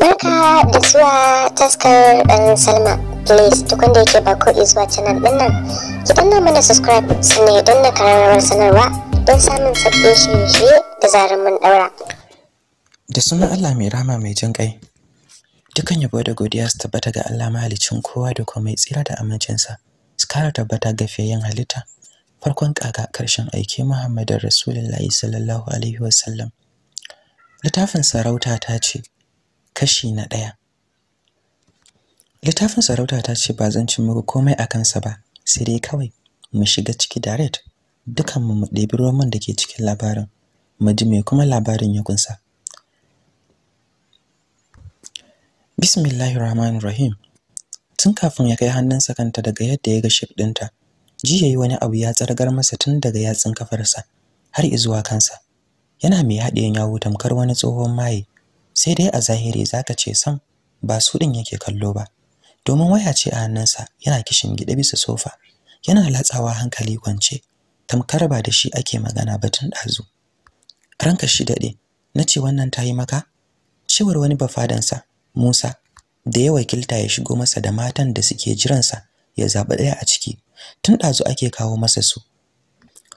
Barka da zuwa taskar ɗan Salma. Please duk wanda yake ba ko zuwa canal ɗin nan, ki danna mana subscribe sannan don danna kararrawar sanarwa don samun sabbin shirye da zarar mun ɗaura. Da sunan Allah mai rama mai jin ƙai, dukan yabo da godiya su tabbata ga Allah mahaliccin kowa da kuma komai tsira da amincinsa. su kara tabbata ga fiyayyen halitta farkon kaga ƙarshen aiki Muhammadin Rasulullahi sallallahu alaihi wasallam littafin sarauta ta ce kashi na ɗaya littafin sarauta ta ce ba zan ci muku komai a kansa ba sai dai kawai mu shiga ciki direct dukan mu ɗebi roman da ke cikin labarin mu ji mai kuma labarin ya kunsa Bismillahirrahmanirrahim rahim tun kafin ya kai hannunsa kanta daga yadda ya ga shif ɗinta ji ya yi wani abu ya tsargar masa tun daga yatsun kafarsa har izuwa kansa yana mai haɗiyan yawo tamkar wani tsohon maye sai dai a zahiri zaka ce sam ba su ɗin yake kallo ba domin waya ce a hannunsa yana kishin gida bisa sofa yana latsawa hankali kwance tamkar ba da shi ake magana ba tun ɗazu ranka shi daɗe na ce wannan ta yi maka cewar wani bafadansa musa da ya wakilta ya shigo masa da matan da suke jiransa ya zaɓi ɗaya a ciki tun ɗazu ake kawo masa su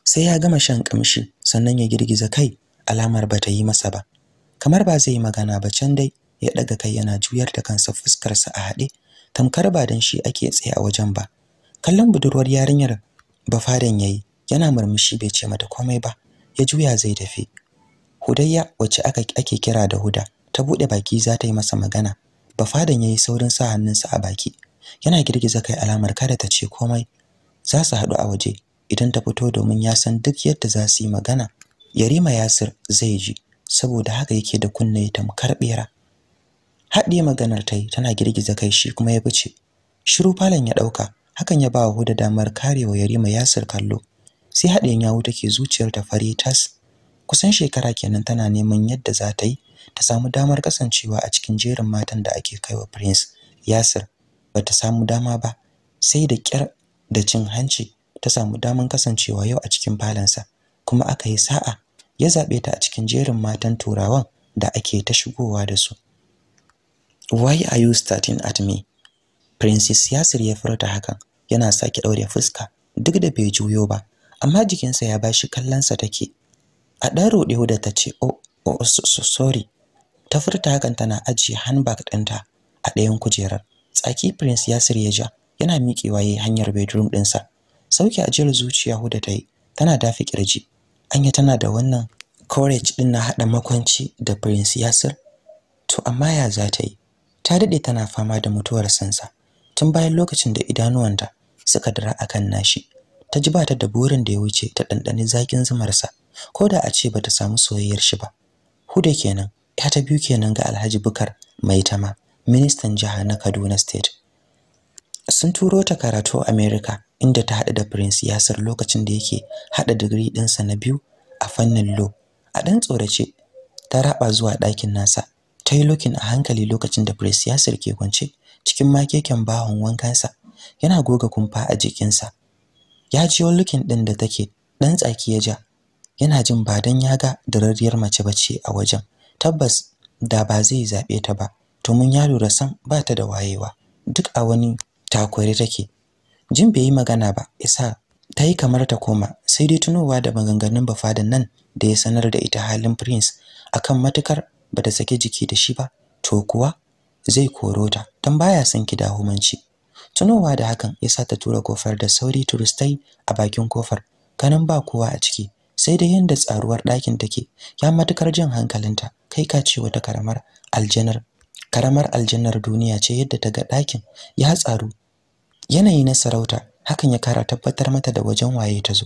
sai ya gama shan ƙamshi sannan ya girgiza kai alamar bata yi masa ba kamar ba zai yi magana ba can dai ya ɗaga kai yana juyar da kansa fuskarsa a haɗe tamkar ba don shi ake tsaye a wajen ba kallon budurwar yarinyar ba bafadan yayi yana murmushi bai ce mata komai ba ya juya zai tafi hudayya wacce aka ake kira da huda ta buɗe baki za ta yi masa magana bafadan yayi saurin sa hannunsa a baki yana girgiza kai alamar kada ta ce komai za su haɗu a waje idan ta fito domin ya san duk yadda za su yi magana yarima yasir zai ji saboda haka yake da kunne tamkar bera Haɗe maganar ta yi tana girgiza kai shi kuma ya fice shiru falon ya ɗauka hakan ya ba wa huda damar karewa yarima yasir kallo sai haɗiyan yawo take zuciyar ta fari tas kusan shekara kenan tana neman yadda za ta yi ta samu damar kasancewa a cikin jerin matan da ake kaiwa Prince Yasir bata samu dama ba sai da kyar da cin hanci ta samu damar kasancewa yau a cikin falonsa, kuma aka yi sa'a ya zabe ta a cikin jerin matan turawan da ake ta shigowa da su why are you starting at me princess yasir ya furta hakan yana sake daure fuska duk da bai juyo ba amma jikinsa ya bashi kallonsa take a dan rodewo da tace oh Oh, sorry ta furta hakan tana ajiye handbag ɗinta a ɗayan kujerar tsaki prince yasir ya ja yana miƙewa waye hanyar bedroom sa. sauki ajiyar zuciya huda ta yi tana dafi kirji anya tana da wannan courage ɗin na haɗa makwanci da prince yasir to amma ya za ta yi ta daɗe tana fama da mutuwar sansa tun bayan lokacin da idanuwanta suka dira akan nashi ta ji ba ta da burin da ya wuce ta ɗanɗani zaƙin zumarsa ko da a ce ba ta samu soyayyar shi ba huda kenan ya ta biyu kenan ga Alhaji Bukar Maitama ministan jiha na Kaduna State sun turo ta karatu America inda ta haɗu da Prince Yasir lokacin da yake haɗa digiri ɗinsa na biyu a fannin Lo. a ɗan tsorace ta raba zuwa ɗakin nasa ta yi lokin a hankali lokacin da Prince Yasir ke kwance cikin makeken bahon wankansa yana goga kumfa a jikinsa ya ji lokin ɗin da take ɗan tsaki ya ja yana jin ba dan ya ga dararriyar mace bace a wajen tabbas da ba zai zabe ta ba to mun ya lura san ba ta da wayewa duk a wani takure take jin bai yi magana ba isa ta yi kamar ta koma sai dai tunowa da maganganun bafadan nan da ya sanar da ita halin prince akan matukar ba ta sake jiki da shi ba to kuwa zai koro ta don baya son ki da humanci tunowa da hakan yasa ta tura kofar da sauri turistai a bakin kofar kanan ba kowa a ciki sai dai yanda tsaruwar ɗakin take ya matukar jin hankalinta kai ka ce wata karamar aljanar karamar aljanar duniya ce yadda ta ga ɗakin ya tsaru yanayi na sarauta hakan ya kara tabbatar mata da wajen waye ta zo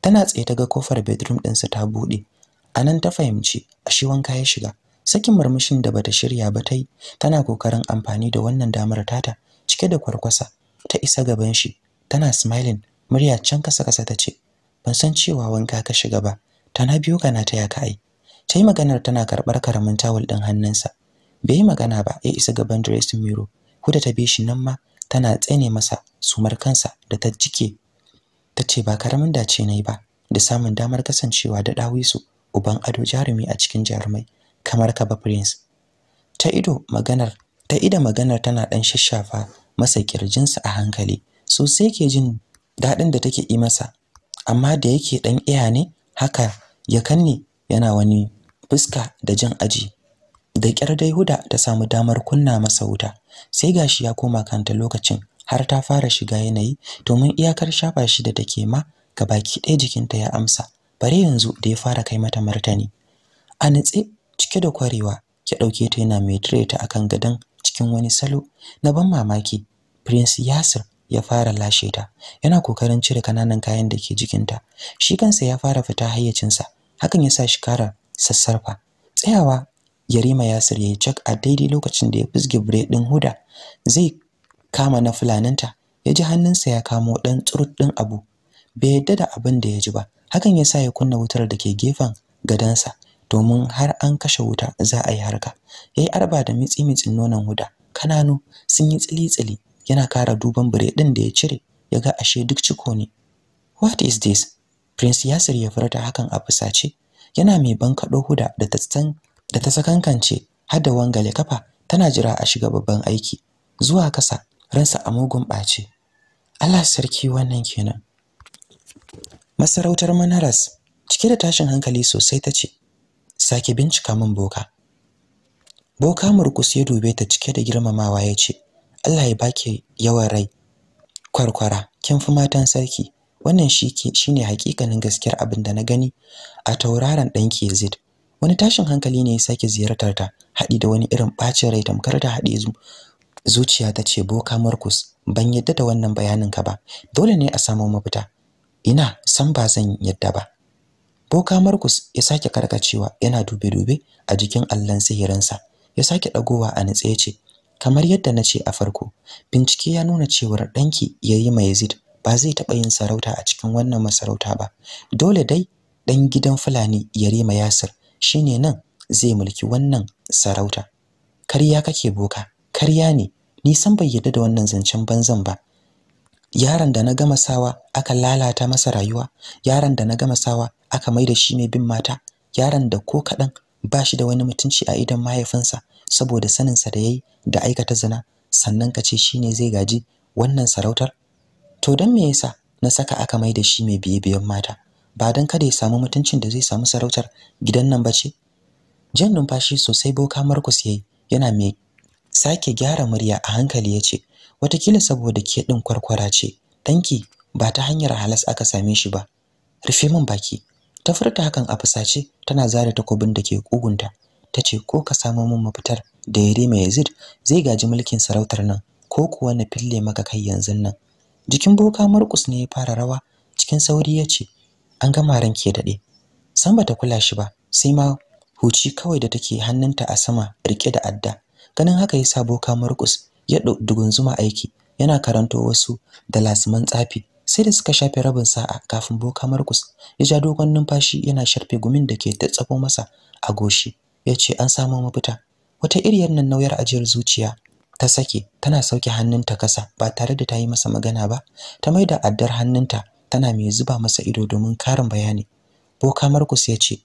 tana tsaye ta ga kofar bedroom ɗinsa ta buɗe a nan ta fahimci ashe wanka ya shiga sakin murmushin da bata shirya ba ta yi tana kokarin amfani da wannan damar tata cike da kwarkwasa ta isa gaban shi tana smiling murya can kasa kasa ta ce ban san cewa wanka ka shiga ba tana biyo kana taya ka ai ta maganar tana karɓar karamin tawul ɗin hannunsa bai yi magana ba ya isa gaban dressing mirror huda ta bi shi nan ma tana tsene masa sumar kansa da ta jike tace ba karamin dace na yi ba da samun damar kasancewa da ɗawisu uban ado jarumi a cikin jarumai kamar ka ba prince ta ido maganar ta ida maganar tana ɗan shashafa masa kirjinsa a hankali sosai ke jin daɗin da take yi masa amma da yake dan iya ne haka ya kanne yana wani fuska da jin aji da kyar dai huda ta samu damar kunna masa wuta sai gashi ya koma kanta lokacin har ta fara shiga yanayi domin iyakar shafa shi da take ma ga baki ɗaya jikinta ya amsa bare yanzu da ya fara kai mata martani a nitse cike da kwarewa ya ɗauke ta yana mai ta akan gadon cikin wani salo na ban mamaki prince yasir ya fara lashe ta yana kokarin cire kananan kayan da ke jikinta shi kansa ya fara fita hayyacinsa hakan ya sa shi kara sassarfa tsayawa yarima yasir ya yi cak a daidai lokacin da ya fizge bure din huda zai kama na fulaninta ya ji hannunsa ya kamo dan tsurut din abu bai yadda da abin da ya ji ba hakan ya sa ya kunna wutar da ke gefen gadansa domin har an kashe wuta za a yi harka ya yi arba da mitsi-mitsin nonon huda kananu sun yi tsili-tsili yana kara duban bire din da ya cire ya ga ashe duk ciko ne what is this prince yasir ya furta hakan a fusace yana mai ban kado huda da ta da ta sakankance har da wangale kafa tana jira a shiga babban aiki zuwa kasa ransa a mugun ɓace Allah sarki wannan kenan masarautar manaras cike da tashin hankali sosai ta ce sake bincika min boka boka murkus ya dube ta cike da girmamawa ya ce Allah ya baki yawan rai kwarkwara kin fi matan sarki wannan shi shine hakikanin gaskiyar abin da na gani a tauraron ɗanki Yazid wani tashin hankali ne ya sake ziyartar ta Hadi da wani irin bacin rai tamkar da hadi zuciya ta ce boka Markus ban yadda da wannan bayanin ka ba dole ne a samu mafita ina san ba zan yadda ba boka Markus ya sake karkacewa yana dube-dube a jikin allan sihirinsa ya sake dagowa a nitse ya ce kamar yadda na ce a farko bincike ya nuna cewar ɗanki yayi ma Yazid ba zai taɓa yin sarauta a cikin wannan masarauta ba dole dai ɗan gidan Fulani Yarima Yasir shine nan zai mulki wannan sarauta karya kake boka karya ne ni san bai yadda da wannan zancen banzan ba yaron da na gama sawa aka lalata masa rayuwa yaron da na gama sawa aka maida shi mai bin mata yaron da ko kaɗan bashi da wani mutunci a idan mahaifinsa saboda sanin sa da yayi da aikata zina sannan ka ce shine zai gaji wannan sarautar to dan me yasa na saka aka mai da shi mai biye biyan mata ba dan kada ya samu mutuncin da zai samu sarautar gidan nan bace jan numfashi sosai boka Markus yayi yana mai sake gyara murya a hankali yace watakila saboda ke din kwarkwara ce danki ba ta hanyar halas aka same shi ba rufe min baki ta furta hakan a fusace tana zare takobin da ke kugunta ta ce ko ka samo min mafitar da mai Yazid zai gaji mulkin sarautar nan ko kuwa na fille maka kai yanzu nan jikin boka Markus ne ya fara rawa cikin sauri ya ce an gama ranke daɗe san bata kula shi ba sai ma huci kawai da take hannunta a sama rike da adda ganin haka ya sa boka Markus ya dugun zuma aiki yana karanto wasu da lasman tsafi sai da suka shafe rabin sa'a kafin boka Markus ya ja dogon numfashi yana sharfe gumin da ke ta tsafo masa a goshi ya ce an samu mafita wata iriyar nan nauyar ajiyar zuciya ta sake tana sauke hannunta kasa ba tare da ta yi masa magana ba ta maida addar hannunta tana mai zuba masa ido domin karin bayani boka markus ya ce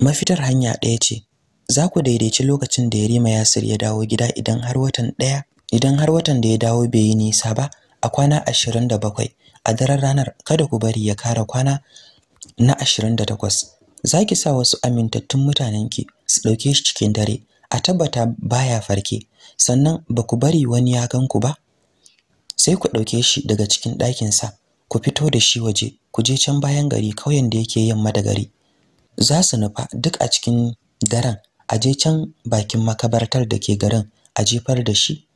mafitar hanya ɗaya ce za ku daidaici lokacin da yarima yasir ya dawo gida idan har watan ɗaya idan har watan da ya dawo bai yi nisa ba a kwana ashirin da bakwai a daren ranar kada ku bari ya kara kwana na ashirin da takwas. za ki sa wasu amintattun mutanen ki su ɗauke shi cikin dare a tabbata baya farke sannan ba ku bari wani ya gan ku ba sai ku ɗauke shi daga cikin ɗakinsa ku fito da shi waje ku je can bayan gari kauyen da yake yamma da gari za su nufa duk a cikin daren a je can bakin makabartar da ke garin a jefar da shi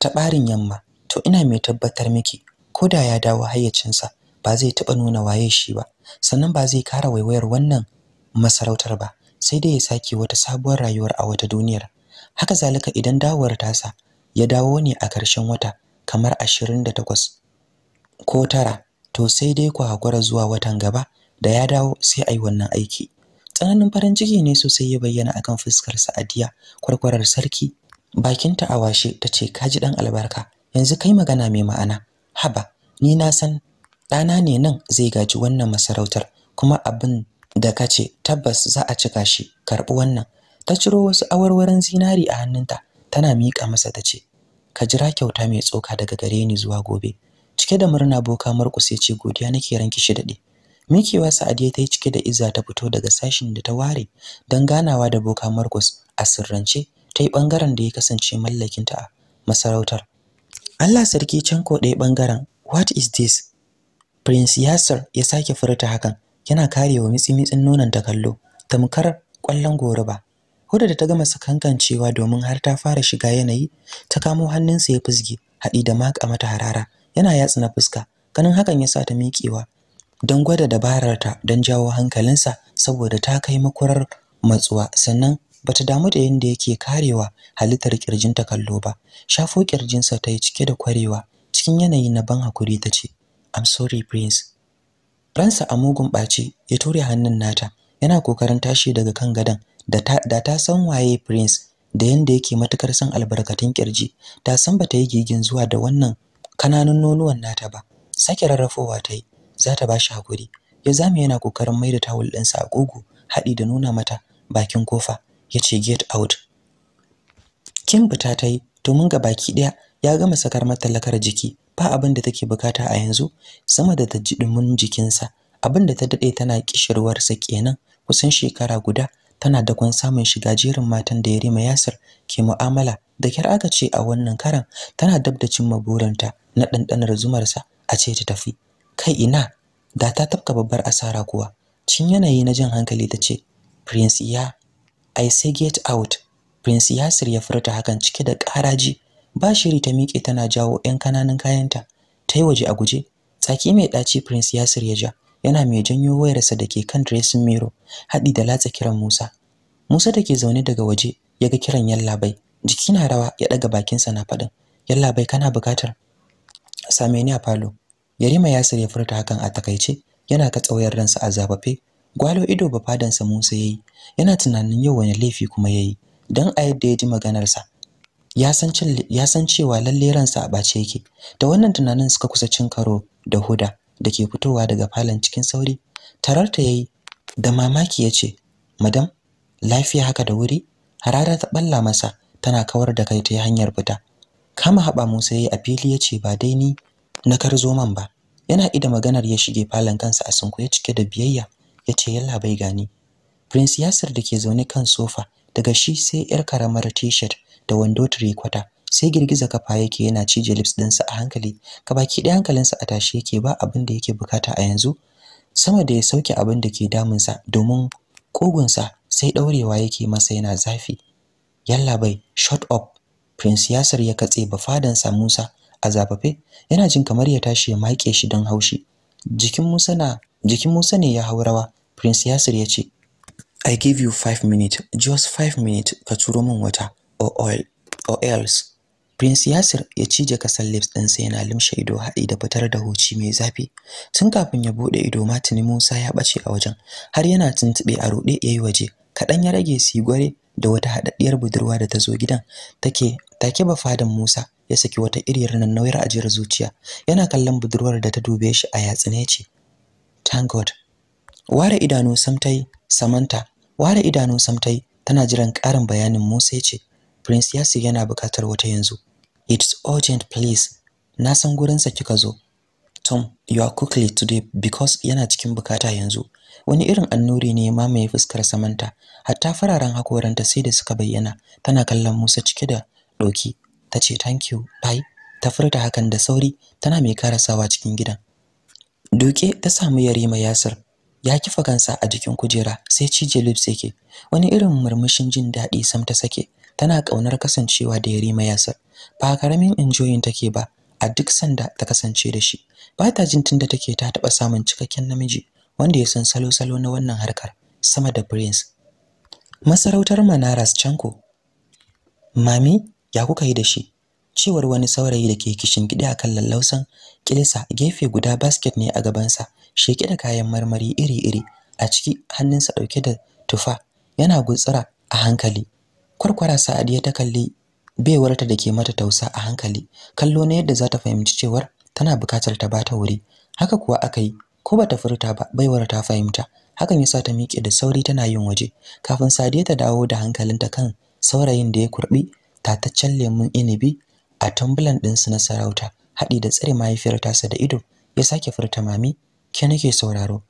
ta ɓarin yamma to ina mai tabbatar miki ko da ya dawo hayyacinsa ba zai taɓa nuna waye shi ba sannan ba zai kara waiwayar wannan masarautar ba sai dai ya sake wata sabuwar rayuwar a wata duniyar haka zalika idan dawowar tasa ya dawo ne a ƙarshen wata kamar 28 ko tara to sai dai ku hakura zuwa watan gaba da ya dawo sai a yi wannan aiki tsananin farin ciki ne sosai ya bayyana akan fuskar sa'adiya kwarkwarar sarki bakinta a washe ta ce ka ji dan albarka yanzu kai magana mai ma'ana haba ni na san ɗana ne nan zai gaji wannan masarautar kuma abin da ka ce tabbas za a cika shi karɓi wannan ta ciro wasu awarwaran zinari a hannunta tana miƙa masa ta ce ka jira kyauta mai tsoka daga gare ni zuwa gobe cike da murna boka ya ce godiya nake ranki shi daɗe mikewa sa'adiya ta yi cike da izza ta fito daga sashin da ta ware don ganawa da boka markus a sirrance ta yi ɓangaren da ya kasance mallakinta a masarautar allah sarki can ko ɗaya ɓangaren what is this Prince Yasser ya sake furta hakan, yana karewa mitsi-mitsin nonon ta kallo, tamkar ƙwallon goruba. Hoda da ta gama sakankancewa domin har ta fara shiga yanayi, ta kamo hannunsa ya fizge, haɗi da maka mata harara, yana yatsa na fuska, ganin hakan ya sa ta miƙewa. Don gwada dabararta don jawo hankalinsa saboda ta kai makurar matsuwa, sannan bata damu da yadda yake karewa halittar kirjinta kallo ba. Shafo ƙirjinsa ta yi cike da kwarewa, cikin yanayi na ban hakuri ta ce, I'm sorry prince. Ransa a mugun ɓaci ya ture hannun nata yana kokarin tashi daga kan gadon da ta san waye prince da yanda yake matukar son albarkatun kirji ta san ba ta yi gigin zuwa da wannan kananun nonuwan nata ba sake rarrafowa ta yi za ta bashi hakuri ya zame yana kokarin mai da tawul ɗinsa a ƙugu haɗi da nuna mata bakin kofa ya ce get out kin fita ta yi domin ga baki ɗaya ya gama sakar mata jiki ba abin da take bukata a yanzu sama da ta ji dumin jikinsa abin da ta dade tana kishirwarsa kenan kusan shekara guda tana da kun samun shiga jerin matan da Yarima Yasir ke mu'amala da kyar aka ce a wannan karan tana dab da cimma ta na ɗanɗanar zumarsa a ce ta tafi kai ina da ta tafka babbar asara kuwa cin yanayi na jin hankali ta ce prince ya i say get out prince yasir ya furta hakan cike da karaji ba shiri ta miƙe tana jawo 'yan kananan kayanta ta yi waje a guje tsaki mai ɗaci prince yasir ya ja yana mai janyo wayarsa da ke kan dressing mirror haɗi da latsa kiran musa musa da ke zaune daga waje ya ga kiran yallabai jiki na rawa ya ɗaga bakinsa na faɗin yallabai kana buƙatar same ni a falo yarima yasir ya furta hakan a takaice yana ka tsawayar ransa a zabafe gwalo ido ba fadansa musa ya yi yana tunanin yau wani laifi kuma ya yi don a yadda ya ji maganarsa ya san cewa lalle ransa a ɓace yake da wannan tunanin suka kusa cin karo da huda da ke fitowa daga falon cikin sauri tararta yayi da mamaki ya ce madam lafiya haka da wuri harara ta balla masa tana kawar da kai ta hanyar fita kama haɓa musa yayi a fili ya ce ba dai ni na karzo man ba yana ida maganar ya shige falon kansa a sunkuye cike da biyayya ya ce yalla bai gani prince yasir da ke zaune kan sofa daga shi sai yar karamar t-shirt da wando kwata sai girgiza kafa yake yana cije lips sa a hankali kabaki ɗaya sa a tashi yake ba abin da yake bukata a yanzu sama da ya sauke abin da ke damun sa domin sa sai ɗaurewa yake masa yana zafi yalla bai shut up prince yasir ya katse ba sa musa a zafafe yana jin kamar ya tashi ya maike shi don haushi jikin musa na jikin musa ne ya haurawa prince yasir ya ce I give you five minutes, just five minutes ka turo min wata. or else. Prince Yasir ya cije kasan lips ɗinsa yana limshe ido haɗi da fitar da huci mai zafi. Tun kafin ya buɗe ido matini Musa ya ɓace a wajen, har yana tuntuɓe a ruɗe yayi waje. Kaɗan ya rage su gware da wata haɗaɗɗiyar budurwa da ta zo gidan take take ba fadan Musa ya saki wata iriyar nan nauyar ajiyar zuciya. Yana kallon budurwar da ta dube shi a yatsune ce. Thank God. Ware idanu samtai Samanta, ware idanu samtai tana jiran ƙarin bayanin Musa ya ce, Prince Yasi yana buƙatar wata yanzu. It's urgent please. Na san gurinsa kika zo. Tom, you are quickly today because yana cikin bukata yanzu. Wani irin annuri ne ya mamaye fuskar Samanta, hatta fararen hakoranta sai da suka bayyana. Tana kallon Musa cike da doki, Ta ce thank you, bye. Ta furta hakan da sauri, tana mai karasawa cikin gidan. Duke ta samu Yarima Yasir. Ya kifa kansa a jikin kujera sai cije lips yake. Wani irin murmushin jin daɗi sam ta sake. tana ƙaunar kasancewa da Yarima Yasir ba karamin enjoyin take ba a duk sanda ta kasance da shi ba ta jin tunda take ta taɓa samun cikakken namiji wanda ya san salo-salo na wannan harkar sama da Prince masarautar Manaras Chanko mami ya kuka yi da shi cewar wani saurayi da ke kishin gida akan lallausan kilisa gefe guda basket ne a gabansa sheke da kayan marmari iri-iri a ciki hannunsa ɗauke da tufa yana gutsira a hankali kwarkwara sa'adiya ta kalli baiwarta da ke mata tausa a hankali kallo na yadda za ta fahimci cewar tana bukatar ta bata wuri haka kuwa aka yi ko bata furta ba baiwar ta fahimta hakan yasa ta miƙe da sauri tana yin waje kafin sadiya ta dawo da hankalinta kan saurayin da ya kurbi tataccen lemun inibi a tumbulan ɗinsu na sarauta haɗi da tsare mahaifiyar tasa da ido ya sake furta mami ke nake sauraro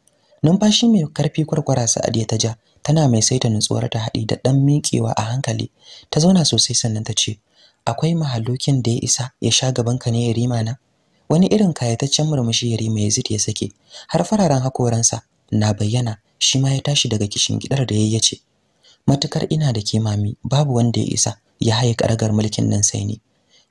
numfashi mai karfi kwarkwara sa'adiya ta ja tana mai saita nutsuwar ta haɗi da ɗan mikewa a hankali ta zauna sosai sannan ta ce akwai mahalokin da ya isa ya sha gaban ka ne ya rima na wani irin kayataccen murmushi ya rima zit ya sake har fararen hakoransa na bayyana shi ma ya tashi daga kishin gidar da yayi ce matukar ina da ke mami babu wanda ya isa ya haye karagar mulkin nan sai ni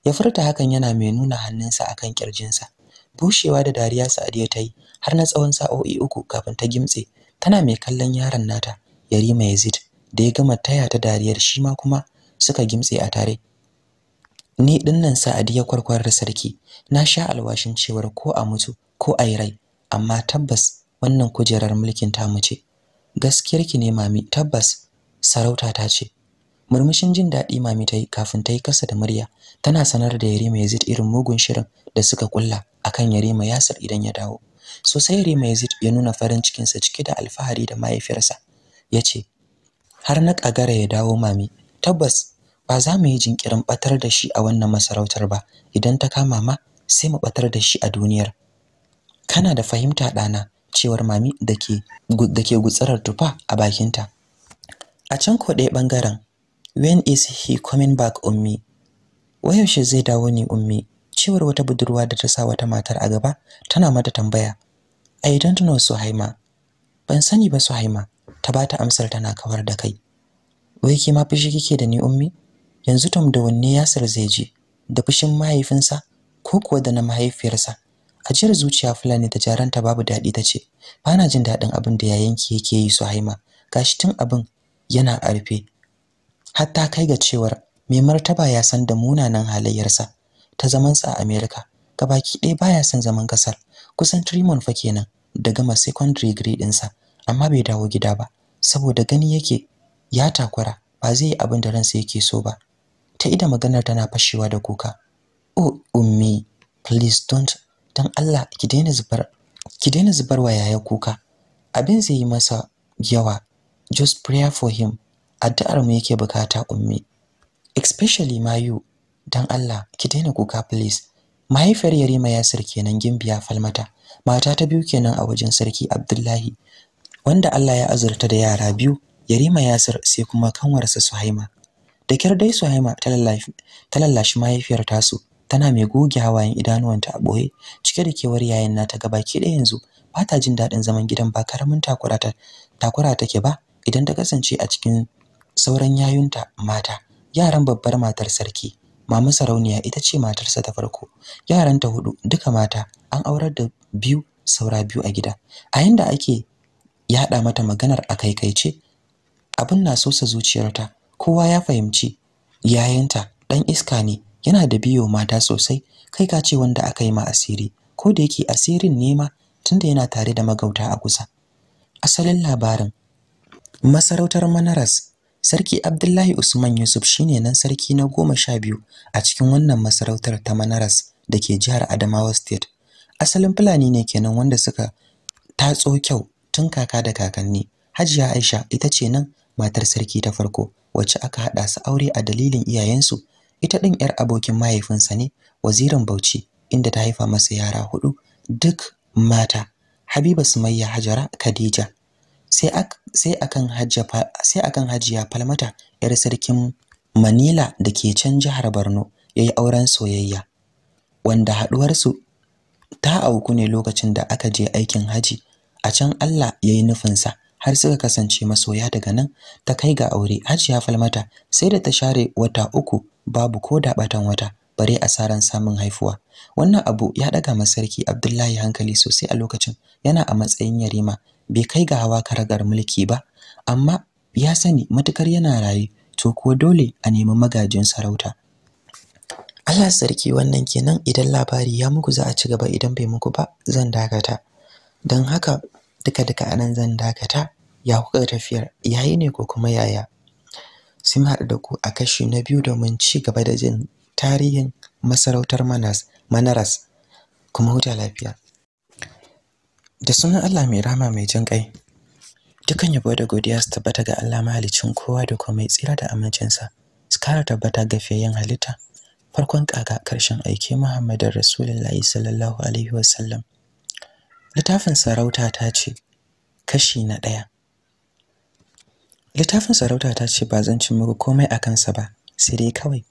ya furta hakan yana mai nuna hannunsa akan kirjinsa bushewa da dariya Sa'adiya ya yi har na tsawon sa'o'i uku kafin ta gimtse tana mai kallon yaron nata Yarima Yazid da ya gama taya ta dariyar shi ma kuma suka gimtse a tare ni dinnan Sa'adiya kwarkwar sarki na sha alwashin cewar ko a mutu ko a yi rai amma tabbas wannan kujerar mulkin ta mu ce gaskiyarki ne mami tabbas sarauta ta ce murmushin jin daɗi mami ta yi kafin ta yi kasa da murya tana sanar da yarima yazid irin mugun shirin da suka kulla akan yarima yasir idan ya dawo sosai yarima yazid ya nuna farin cikinsa cike da alfahari da mahaifiyarsa ya ce har na ƙagara ya dawo mami tabbas ba za mu yi jinkirin ɓatar da shi a wannan masarautar ba idan ta kama ma sai mu ɓatar da shi a duniyar kana da fahimta ɗana cewar mami da ke gutsarar tufa a bakinta a can ko ɗaya ɓangaren when is he coming back ummi wayaushe zai dawo ne ummi cewar wata budurwa da ta sa wata matar a gaba tana mata tambaya i don't know suhaima ban sani ba suhaima ta bata amsar tana kawar da kai wai ke ma fushi kike da ni ummi yanzu tom da wanne yasir zai je da fushin mahaifinsa ko kuwa da na mahaifiyarsa ajiyar zuciya fulani ta jaranta babu daɗi ta ce bana jin daɗin abin da yayanki yake yi suhaima gashi tun abin yana a rufe Hatta kai ga cewar mai martaba ya san da munanan halayyarsa ta zamansa a America gabaki ɗaya baya son zaman kasar kusan Trimon fa kenan da gama secondary degree ɗinsa amma bai dawo gida ba saboda gani yake ya takura ba zai yi abin da ransa yake so ba ta ida maganar tana fashewa da kuka oh ummi please don't dan Allah ki daina zubar ki daina zubar wa yaya kuka abin zai yi masa yawa just pray for him addu'ar mu yake bukata ummi especially mayu dan Allah ki daina kuka please mahaifiyar Yarima Yasir kenan Gimbiya Falmata mata ta biyu kenan a wajen sarki Abdullahi wanda Allah ya azurta da yara biyu Yarima Yasir sai kuma kanwarsa Suhaima da kyar dai Suhaima ta lallashi ta lallashi mahaifiyar tasu tana mai goge hawayen idanuwanta a boye cike da kewar yayin nata gabaki ɗaya yanzu ba ta jin daɗin zaman gidan ba karamin takura ta takura take ba idan ta kasance a cikin sauran yayunta mata yaran babbar matar sarki mama sarauniya ita ce matarsa ta farko yaranta hudu duka mata an aurar da biyu saura biyu a gida a yanda ake yada mata maganar a ce, abin na sosa zuciyarta kowa ya fahimci yayanta dan iska ne yana da biyo mata sosai kai ka ce wanda aka yi ma asiri ko da yake asirin ne ma tunda yana tare da magauta a kusa asalin labarin masarautar manaras Sarki Abdullahi Usman Yusuf shine nan sarki na goma sha biyu a cikin wannan masarautar ta Manaras da ke jihar Adamawa State. Asalin Fulani ne kenan wanda suka tatso kyau tun kaka da kakanni. Hajiya Aisha ita ce nan matar sarki ta farko wacce aka haɗa su aure a dalilin iyayensu. Ita ɗin 'yar abokin mahaifinsa ne wazirin Bauchi inda ta haifa masa yara hudu, duk mata. Habiba Sumayya Hajara Khadija sai akan hajiya falmata yar sarkin manila da ke can jihar borno ya yi auren soyayya wanda haɗuwarsu ta auku ne lokacin da aka je aikin haji a can allah ya yi nufinsa har suka kasance masoya daga nan ta kai ga aure hajiya falmata sai da ta share wata uku babu ko da wata bare asaran samun haifuwa wannan abu ya daga masarki abdullahi hankali sosai a lokacin yana a matsayin yarima bai kai ga hawa karagar mulki ba amma ya sani matukar yana raye to kuwa dole a nemi magajin sarauta Allah sarki wannan kenan idan labari ya muku za a ci gaba idan bai muku ba zan dakata don haka duka duka anan zan dakata ya kuka tafiyar yayi ne ko kuma yaya sun haɗu da ku a kashi na biyu domin ci gaba da jin tarihin masarautar manas manaras kuma huta lafiya da sunan Allah mai rama mai jin kai dukan yabo da godiya su tabbata ga Allah mahalicin kowa da komai tsira da amincinsa su kara tabbata ga yin halitta farkon kaga karshen aiki muhammad Rasulullahi sallallahu alaihi wasallam littafin sarauta ta ce kashi na ɗaya littafin sarauta ta ce ba zan cin muku komai a kansa ba sai dai kawai